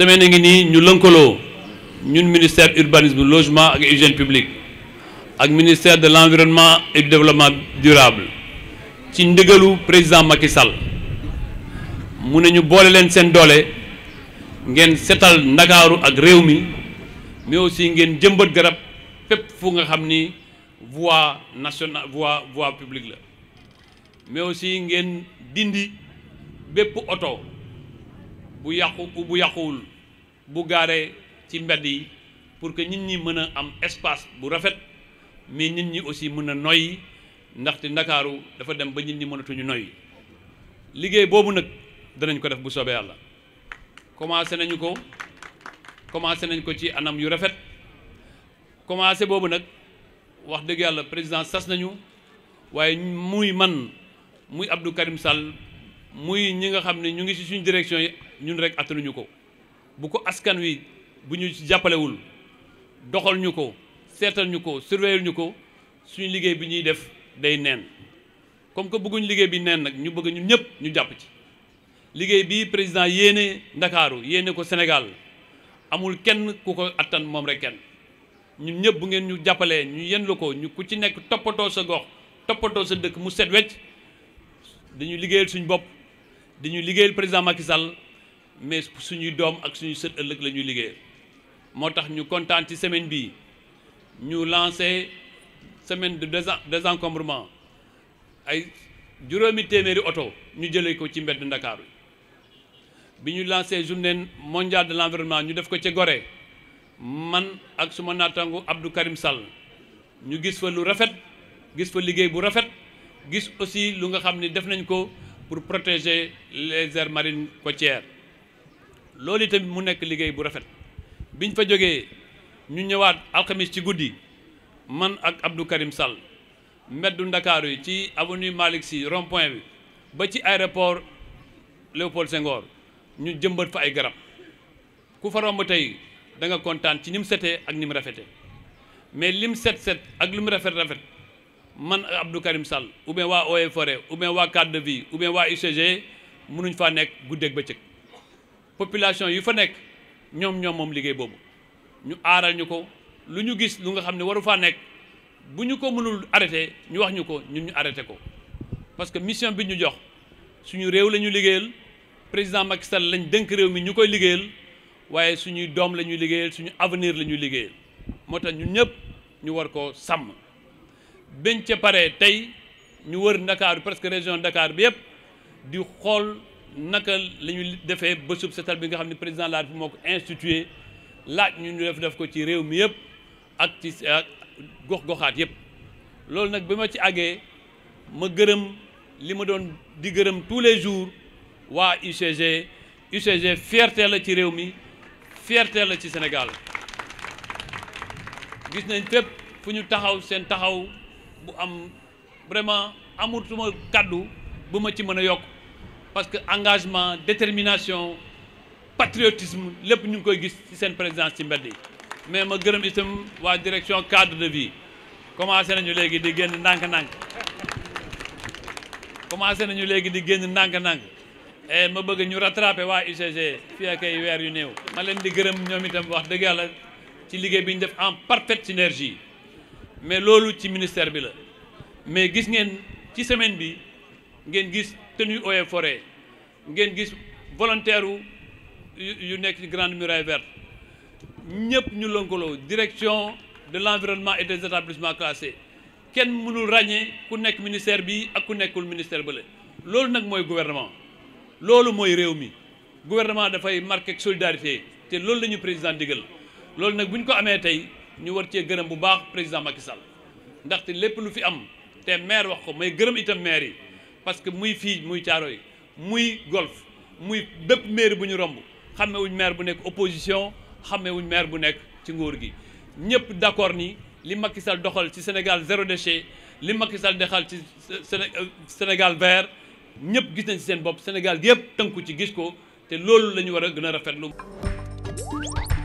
semaine ngi nii ñu lënkaloo ñun ministère urbanisme logement ak hygiène publique ak ministère de l'environnement et du développement durable ci ndigalu président Macky Sall mu ne ñu boole leen seen doole ngeen setal ndakaaru ak réew mi mais aussi ngeen jëmbat garab fépp fu nga xam ni voie nationale voie voie publique la mais aussi ngeen dindi bépp oto bu yàqu bu yàquwul bu gaaree ci mbedd yi pour que nit ñi mën a am espace bu rafet mais nit ñi aussi mën a noyyi ndaxte ndakaaru dafa dem ba ñit ñi mënatuñu noyyi liggéey boobu nag danañ ko def bu soobee yàlla commencé nañu ko commencé nañ ko ci anam yu rafet commencé boobu nag wax dëgg yàlla président sas nañu waaye muy man muy Abdou Karim Sall muy ñi nga xam ne ñu ngi ci suñu direction yi ñun rek attanuñu ko bu ko askan wi bu ñu jàppalewul doxal ñu ko seetal ñu ko surveiller ñu ko suñu liggéey bi ñuy def day neen comme que bëgguñ liggéey bi neen nag ñu bëgg ñun ñëpp ñu jàpp ci liggéey bi président yéene Ndakaaru yéene ko Sénégal amul kenn ku ko attan moom rek kenn ñun ñëpp bu ngeen ñu jàppalee ñu yenn lu ko ñu ku ci nekk toppatoo sa gox toppatoo sa dëkk mu set wecc dañu liggéeyal suñu bopp dañuy liggéeyal président Macky Sall mais suñuy doom ak suñu sët ëllëg lañuy liggéey moo tax ñu kontaan ci semaine bii ñu lancé semaine de désencombrement ay juróomi téeméeri oto ñu jëlee ko ci mbedd Ndakaaru bi ñu lancé journée mondiale de l'environnement ñu def ko ca gore man ak suma naataango Abdou Karim Sall ñu gis fa lu rafet gis fa liggéey bu rafet gis aussi lu nga xam ni def nañ ko pour protéger les aires marines côtières loolu itamit mu nekk liggéey bu rafet biñ fa jógee ñu ñëwaat alxamis ci guddi man ak Abdou Karim Sall meddu Ndakaaru yi ci avenue Malick Sy rond bi ba ci aéroport Léopold Senghor ñu jëmbat fa ay garab ku fa romb tey da nga kontaan ci ni mu setee ak ni mu rafetee mais lim set set ak li mu rafet rafet man Abdou Karim Sall ou bien waa Eaux et waa cadre de vie ou bien waa UCG mënuñ faa nekk guddeeg bëccëg population yi fa nekk ñoom ñoom moom liggéey boobu ñu aaral ñu ko lu ñu gis lu nga xam ne waru faa nekk bu ñu ko mënul arrêté ñu wax ñu ko ñun ñu arrêté ko parce que mission bi ñu jox suñu réew la ñu liggéeyal président Macky Sall lañ dënk réew mi ñu koy liggéeyal waaye suñuy doom la ñuy liggéeyal suñu avenir la ñuy liggéeyal moo tax ñun ñëpp ñu war koo sàmm bañ ca paree tey ñu wër Dakar presque région Dakar bi yëpp di xool naka la ñu defee bésub setal bi nga xam ne président de la République moo ko institué laaj ñu ñu def def ko ci réew mi yëpp ak ci gox-goxaat yëpp loolu nag bi ma ci àggee ma gërëm li ma doon di gërëm tous les jours waa UCG UCG fierté la ci réew mi fierté la ci Sénégal gis nañ fépp fu ñu taxaw seen taxaw bu am vraiment amut suma kàddu bu ma ci mën a yokk parce que engagement détermination patriotisme lépp ñu ngi koy gis ci seen présidence ci mbedd yi mais ma gërëm itam waa direction cadre de vie commencé nañu léegi di génn ndànk-ndànk commencé nañu léegi di génn ndànk-ndànk et ma bëgg ñu rattrapé waa UCG fii ak ay weer yu néew ma leen di gërëm ñoom itam wax dëgg yàlla ci liggéey bi ñu def en parfaite synergie mais loolu ci ministère bi la mais gis ngeen ci semaine bi ngeen gis tenue eaux et ngeen gis volontaire yu nekk ci grande muraille verte ñëpp ñu lëkkaloo direction de l'environnement et des établissements classés kenn mënul ràññee ku nekk ministère bi ak ku nekkul ministère ba la loolu nag mooy gouvernement loolu mooy réew mi gouvernement dafay marqué solidarité te loolu la ñu président digal loolu nag bu ñu ko amee tey ñu war cee gërëm bu baax président Macky Sall ndaxte lépp lu fi am te maire wax ko may gërëm itam maire yi parce que muy fii muy caaro yi muy golf muy bépp maire bu ñu romb xamme wuñ maire bu nekk opposition xamme wuñ maire bu nekk ci nguur gi ñëpp d'accord ni li Macky doxal ci Sénégal zéro déchet li Macky Sall doxal ci euh, Sénégal vert ñëpp gis nañ ci seen bopp Sénégal yëpp tënku ci gis ko te loolu la ñu war a gën a rafetlu